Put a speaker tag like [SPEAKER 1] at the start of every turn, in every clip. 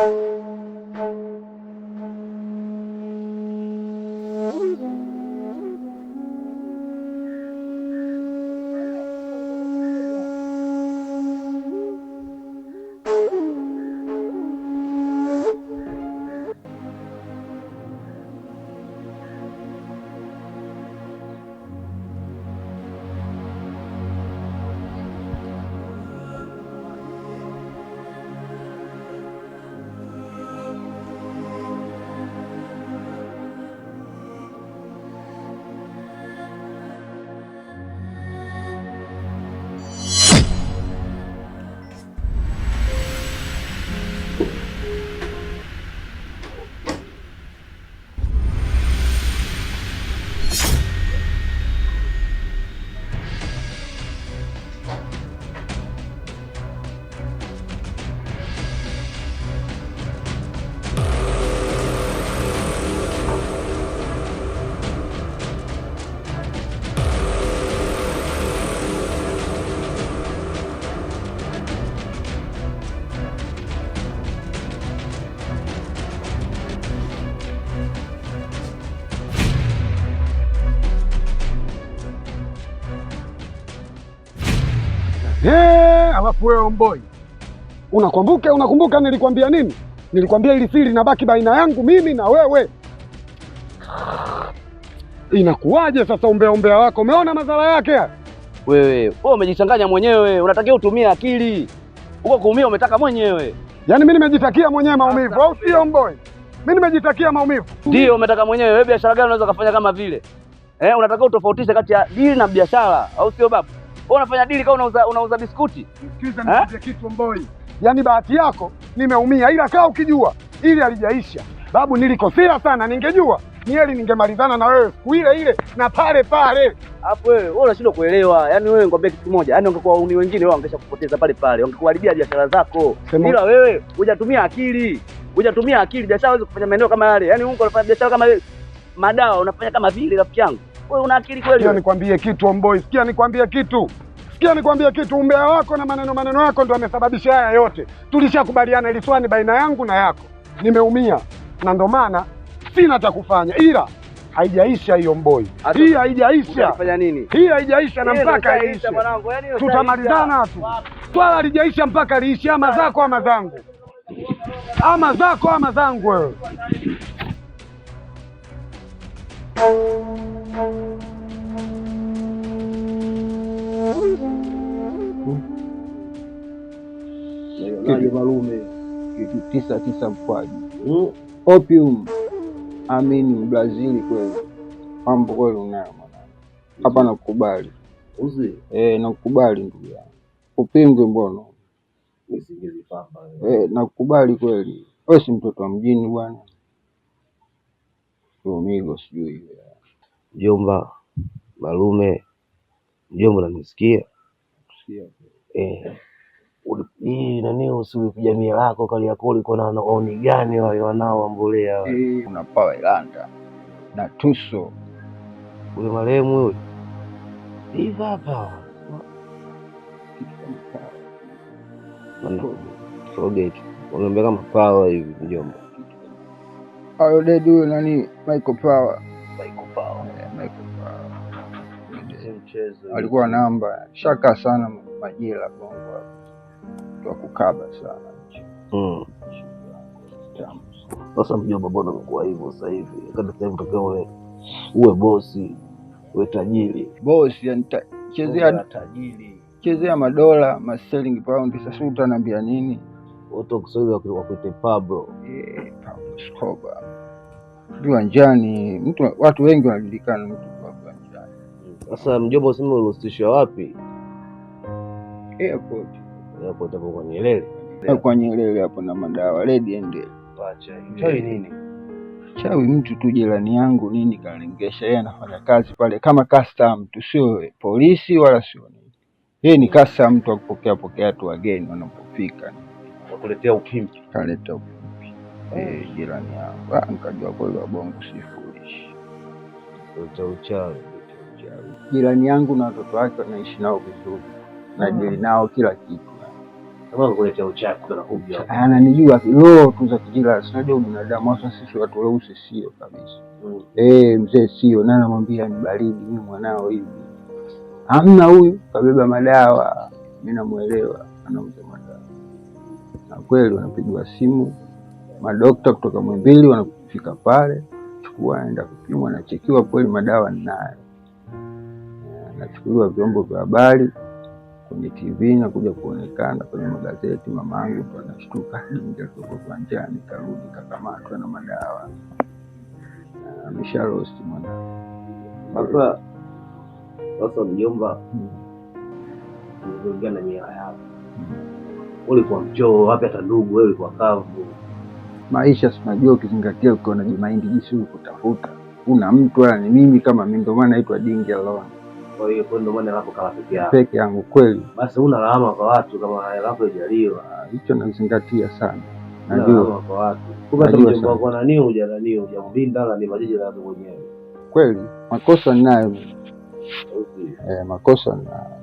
[SPEAKER 1] Thank you. alafu wewe omboi unakumbuka, unakumbuka nilikwambia nini? Nilikwambia ili siri inabaki baina yangu mimi na wewe. Inakuwaje sasa umbea umbea wako? Umeona madhara yake
[SPEAKER 2] Wewe wewe umejichanganya mwenyewe, unatakiwa utumie akili. Uko kuumia umetaka mwenyewe.
[SPEAKER 1] Yaani mimi nimejitakia mwenyewe maumivu, au sio mboy? Mimi nimejitakia maumivu.
[SPEAKER 2] Ndio umetaka mwenyewe. Wewe biashara gani unaweza kufanya kama vile? Eh, unataka utofautishe kati ya dili na biashara, au sio babu? Wewe unafanya dili kama unauza unauza biskuti.
[SPEAKER 1] Sikiliza eh? Kitu mboi. Yaani bahati yako nimeumia, ila kaa ukijua ili alijaisha babu, nilikosea sana, ningejua nieli ningemalizana na wewe siku ile ile na pale pale.
[SPEAKER 2] Hapo wewe wewe unashindwa kuelewa. Yaani wewe ngombe kitu kimoja, yaani ungekuwa uni wengine wao wangesha kupoteza pale pale, wangekuharibia biashara zako, ila wewe hujatumia akili, hujatumia akili. Biashara huwezi kufanya maeneo kama yale. Yaani Mungu unafanya biashara kama madawa, unafanya kama vile rafiki yangu wewe una akili kweli?
[SPEAKER 1] Sikia nikwambie kitu Omboi, sikia nikwambie kitu. Sikia nikwambie kitu, umbea wako na maneno maneno yako ndio amesababisha haya yote. Tulishakubaliana ile swali baina yangu na yako. Nimeumia na ndio maana sina cha kufanya ila haijaisha hiyo Mboi, hii haijaisha. Hii haijaisha na mpaka iishe, yaani tutamalizana tu. Swala halijaisha mpaka liishe, ama zako ama zangu, ama zako ama zangu wewe
[SPEAKER 3] Naionaje tisa tisa mkwaju hmm? opium. Amini Mbrazili kweli, mambo kweli unayo mwanangu, hapa nakukubali. Eh, nakukubali ndugu yangu, upingwe mbono. Eh, nakukubali kweli, wewe si mtoto wa mjini bwana. Flamingo sijui
[SPEAKER 2] mjomba, malume, mjomba unanisikia? Eh. Hii nani usiwe jamii lako kali yako uliko na wanaoni gani wale wanao ambolea wale.
[SPEAKER 3] Kuna pawa ilanda na tuso
[SPEAKER 2] ule marehemu yule. Hivi hapa. Sogeti. Wanaambia kama pawa hivi mjomba.
[SPEAKER 3] Alodedi huyo nani, Michael Power, alikuwa namba shaka sana majira Bongo hapo kukaba sana hmm.
[SPEAKER 2] Sasa mjomba, mbona umekuwa hivyo sasa hivi? Kati tokea uwe uwe bosi uwe tajiri
[SPEAKER 3] bosi, chezea chezea madola ma sterling pound. Sasa utaniambia nini?
[SPEAKER 2] watu wa Kiswahili wakuite Pablo
[SPEAKER 3] eh, Pablo Escobar. Viwanjani mtu, watu wengi wanajulikana mtu wa viwanjani.
[SPEAKER 2] Sasa mjomba, usema ulihusishwa wapi? Airport, airport hapo kwa Nyerere,
[SPEAKER 3] kwa Nyerere hapo na madawa redi ende
[SPEAKER 2] pacha eh. chawi nini
[SPEAKER 3] chawi mtu tu jirani yangu nini kalengesha, yeye anafanya kazi pale kama custom tu, sio polisi wala sio nini. Yeye ni custom mtu akupokea pokea tu wageni wanapofika. Ni
[SPEAKER 2] Akakuletea upimpi
[SPEAKER 3] kaleta ukimpi eh. eh, jirani yangu. Ah, nikajua kweli wabongo sifurishi uchawi. Jirani yangu na watoto wake wanaishi nao vizuri, najili ah. nao kila kitu ah, ananijua roho tu za kijira. Sinajua binadamu hasa sisi watu weusi, sio kabisa mm. E, mzee sio na namwambia ni baridi, mi mwanao hivi hamna. Huyu kabeba madawa, mi namwelewa, anauza kweli, wanapigwa simu madokta kutoka Mwimbili, wanafika pale, chukua aenda kupimwa, anachekiwa kweli madawa ninayo, eh, anachukuliwa vyombo vya habari kwenye TV na kuja kuonekana kwenye magazeti. Mamangu ndo anashtuka, jinga kutoka kiwanjani, karudi kakamatwa na madawa, eh, amesharosti mwana.
[SPEAKER 2] Sasa mjomba, hmm. na nyea yako hmm ulikuwa mchoo wapi, hata ndugu wewe ulikuwa kavu.
[SPEAKER 3] Maisha si unajua, ukizingatia ukiwa na jimaindi jinsi kutafuta una mtu wala ni mimi kama mimi, ndio maana naitwa Dingy Alone.
[SPEAKER 2] Kwa hiyo kwa ndio maana lako kala peke yako
[SPEAKER 3] peke yangu kweli,
[SPEAKER 2] basi una lawama kwa watu kama lako yako ijaliwa, ah,
[SPEAKER 3] hicho nazingatia sana, najua kwa watu
[SPEAKER 2] kumbe kwa nani hujanani hujamlinda na ni majiji la mwenyewe
[SPEAKER 3] kweli, makosa ninayo eh, makosa na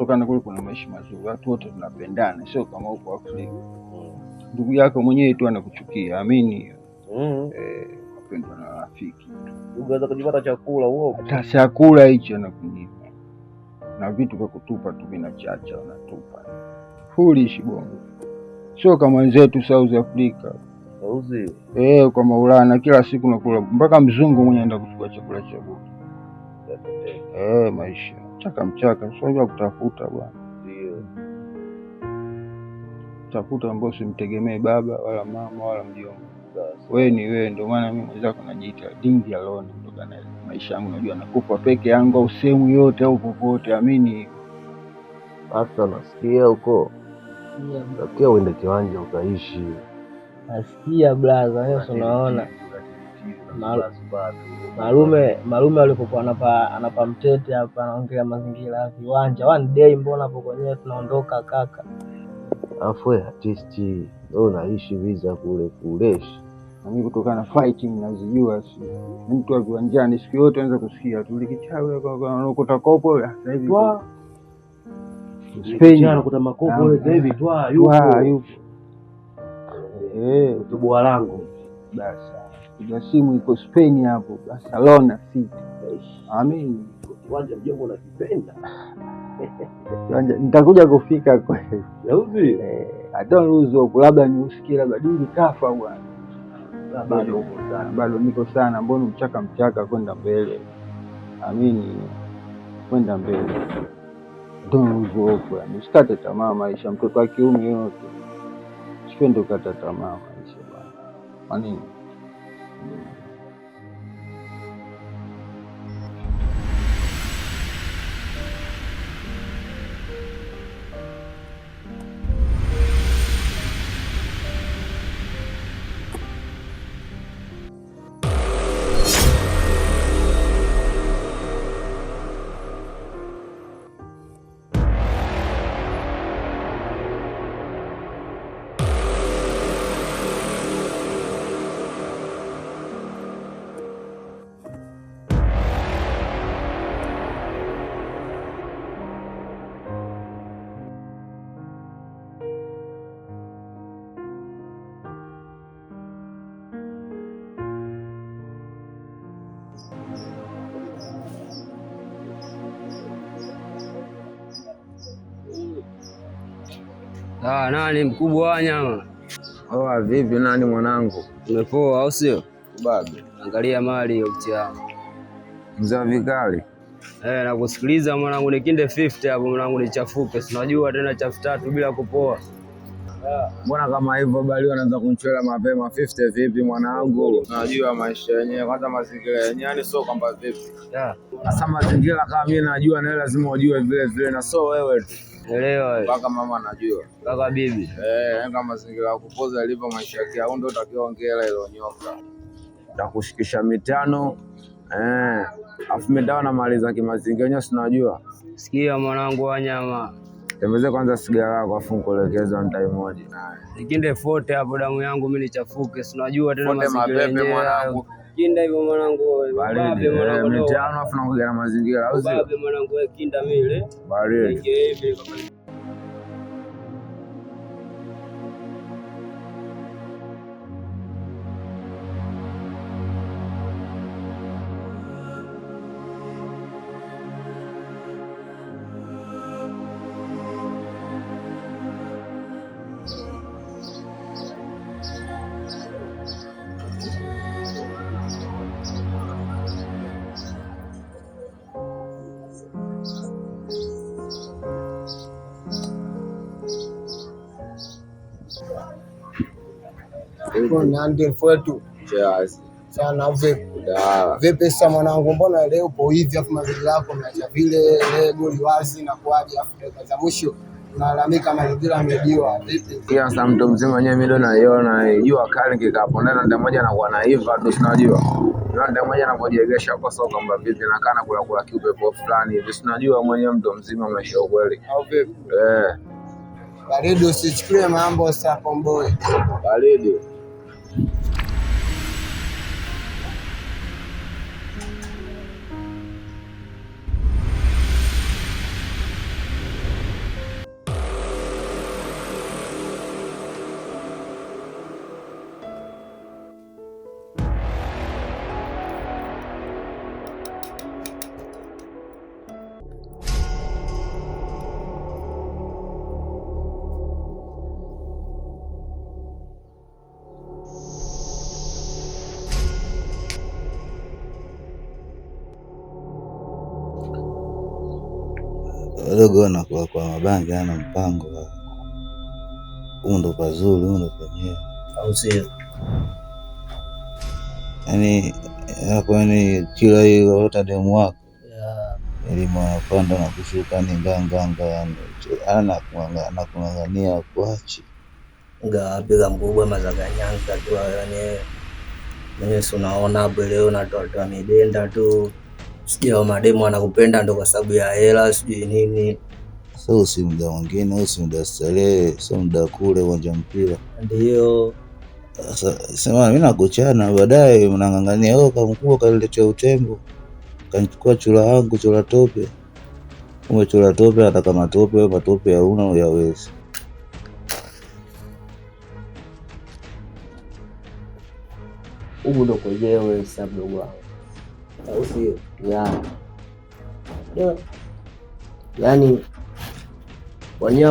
[SPEAKER 3] kutokana kule kuna maisha mazuri, watu wote tunapendana, sio kama huko Afrika ndugu yako mwenyewe tu anakuchukia. Amini mapendwa mm. eh, na rafiki,
[SPEAKER 2] unaweza kujipata chakula huo,
[SPEAKER 3] hata chakula hicho anakunyima na vitu vya kutupa tu vinachacha, wanatupa foolish bongo, sio kama wenzetu South Africa Eh, kwa Maulana kila siku nakula mpaka mzungu mwenye anaenda kuchukua chakula cha bure. Eh, maisha mchaka mchaka, unajua kutafuta bwana, tafuta ambao simtegemee baba wala mama wala mjomba, wewe ni wewe. Ndio maana mimi mwenzako najiita dingi alone, kutokana na maisha yangu, najua nakufa peke yangu au sehemu yote au popote, amini
[SPEAKER 2] hasa nasikia huko nasikia, uende kiwanja ukaishi,
[SPEAKER 4] nasikia blaza, unaona Marume Marume alipokuwa anapa anapa mtete hapa anaongelea mazingira ya viwanja. One day mbona hapo kwenyewe tunaondoka kaka.
[SPEAKER 2] Afu artist wewe unaishi visa kule kuleshi.
[SPEAKER 3] Na kutokana na fighting nazijua si. mtu wa viwanjani siku yote anaweza kusikia tu likichawi kwa anakuta kopo sasa hivi. Spain
[SPEAKER 2] anakuta makopo sasa hivi twa yupo. Eh, tubo langu.
[SPEAKER 3] Basi. Piga simu iko Spain hapo Barcelona City. Amen. Uwanja mjengo unakipenda. Uwanja nitakuja kufika kweli.
[SPEAKER 2] Yauzi. Eh,
[SPEAKER 3] don't lose hope. labda usikie labda dingi kafa bwana. Bado uko sana. Bado niko sana, mbona mchaka mchaka kwenda mbele. Amen. Kwenda mbele. Don't lose hope. Usikate tamaa maisha, mtoto wa kiume yote. Usipende kukata tamaa maisha bwana. Kwa nini? Thank you.
[SPEAKER 5] Ah, nani mkubwa wa nyama? Oh, vipi nani mwanangu?
[SPEAKER 2] Umepoa au sio? Bado. Angalia mali hiyo mtia.
[SPEAKER 5] Mzee vikali.
[SPEAKER 2] Eh, nakusikiliza mwanangu ni kinde 50 hapo mwanangu ni chafupe. unajua tena chafu tatu bila kupoa.
[SPEAKER 5] Mbona kama hivyo bali wanaanza kunchwela mapema 50 vipi mwanangu? Najua maisha yenyewe kwanza mazingira yenyewe yani sio kwamba vipi. Yeah. Sasa mazingira kama mimi najua na lazima ujue vile vile na so wewe tu. Elewa. Mpaka mama anajua.
[SPEAKER 2] Mpaka bibi.
[SPEAKER 5] Eh, anga mazingira ya kupoza yalivyo maisha yake au ndio utakiwa ongea ile ilonyoka. Takushikisha mitano. Eh, afu mitano namaliza kimazingira yenyewe sinajua.
[SPEAKER 2] Sikia mwanangu wa nyama.
[SPEAKER 5] Tembeze kwanza sigara yako afu nikuelekeza mtai mmoja.
[SPEAKER 2] Nikinde fote hapo damu yangu mimi nichafuke, sinajua tena mazingira yenyewe mwanangu kinda hivyo mwanangu, eh,
[SPEAKER 5] mwanangu na mazingira
[SPEAKER 2] kinda mile
[SPEAKER 5] kwetu sana. Vipi sasa mwanangu, mbona leo upo hivi, afu mazingira yako vile goli wazi na afu dakika za mwisho nalalamika mazingira yamejiwa vipi? Pia sasa mtu mzima wenyewe mimi ndo naiona jua kali kikapondana, ndio moja na naiva tu, tunajua ndio moja na kujiegesha kwa kwamba vipi na kana kula kula kiupepo fulani hivi, tunajua mwenyewe mtu mzima maisha kweli au vipi? Eh,
[SPEAKER 2] baridi mambo sasa,
[SPEAKER 5] baridi
[SPEAKER 6] kidogo na kwa mabangi, ana mpango wa huu ndo pazuri, huu ndo penyewe, au sio? Yani yani yaani kila hata demu wako elimu anapanda na kushuka ni nganganga, yani anakung'ang'ania akuachi
[SPEAKER 2] ngapiga mkubwa mazaganyanza tu, yani mwenyewe si unaona hapo, leo natoatoa midenda tu sijui mademu anakupenda ndo kwa sababu ya hela sijui nini.
[SPEAKER 6] So si muda mwingine au si muda starehe, so muda kule uwanja mpira.
[SPEAKER 2] Ndio
[SPEAKER 6] sema mimi nakuchana, baadaye mnang'ang'ania oh, kamkubwa kaniletea utembo, kanichukua chura angu chura tope. Kumbe chura tope ataka matope, matope hauna, uyawezi
[SPEAKER 2] huku ndo kwenyewe sababu wangu au sio? Yeah. Yaani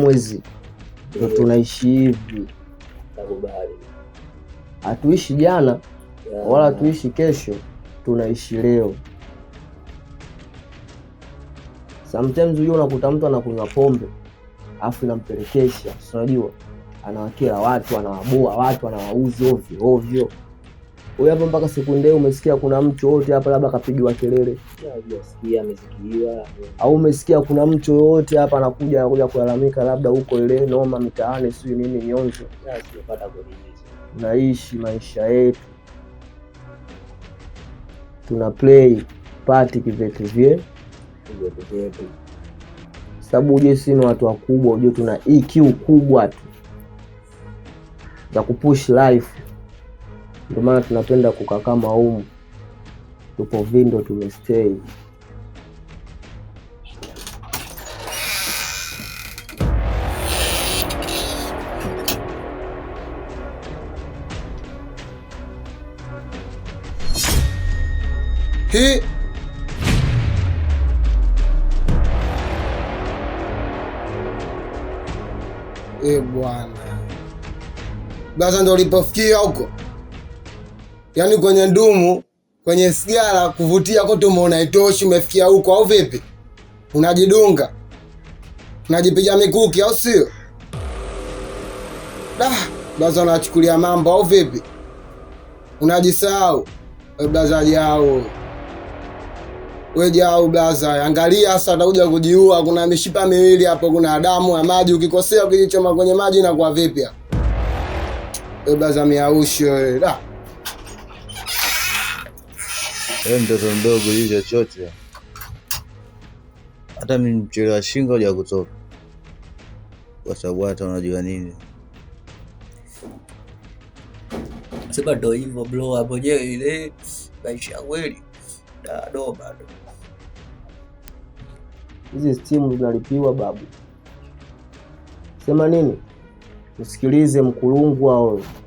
[SPEAKER 2] mwezi ndo eh. tunaishi hivi, Hatuishi jana yeah, wala hatuishi kesho, tunaishi leo. Sometimes huyo unakuta mtu anakunywa pombe afu inampelekesha, si unajua, anawakila watu, anawaboa watu, anawauzi ovyo ovyo hapa mpaka sekondari umesikia kuna mtu yoyote hapa labda akapigiwa kelele au umesikia kuna mtu yoyote hapa anakuja anakuja kulalamika labda huko ile noma mitaani sijui nini nyonzo. Tunaishi maisha yetu, tuna play party kivete vye. sababu ujue si ni watu wakubwa, ujue tuna EQ kubwa tu za kupush life ndio maana tunapenda kukaa kama humu, tupo Vindo tumestay. He. Eh, bwana. Basi ndo lipofikia huko yani kwenye ndumu, kwenye sigara kuvutia kote umeona itoshi, umefikia huko au vipi? Unajidunga, unajipiga mikuki, au sio? Da, blaza unachukulia mambo au vipi? Unajisahau blaza, jau we jau blaza, angalia sasa, utakuja kujiua. Kuna mishipa miwili hapo, kuna damu ya maji, ukikosea ukijichoma kwenye maji inakuwa vipi hapo blaza, miaushi wewe
[SPEAKER 6] We mtoto mdogo juu chochote, hata mchele wa shingo uja kutoka, kwa sababu hata unajua nini
[SPEAKER 2] sema. Ndo hivyo bro, hapo je, ile maisha kweli do bado hizi stimu zinalipiwa babu. Sema nini? Msikilize mkulungwa huyo.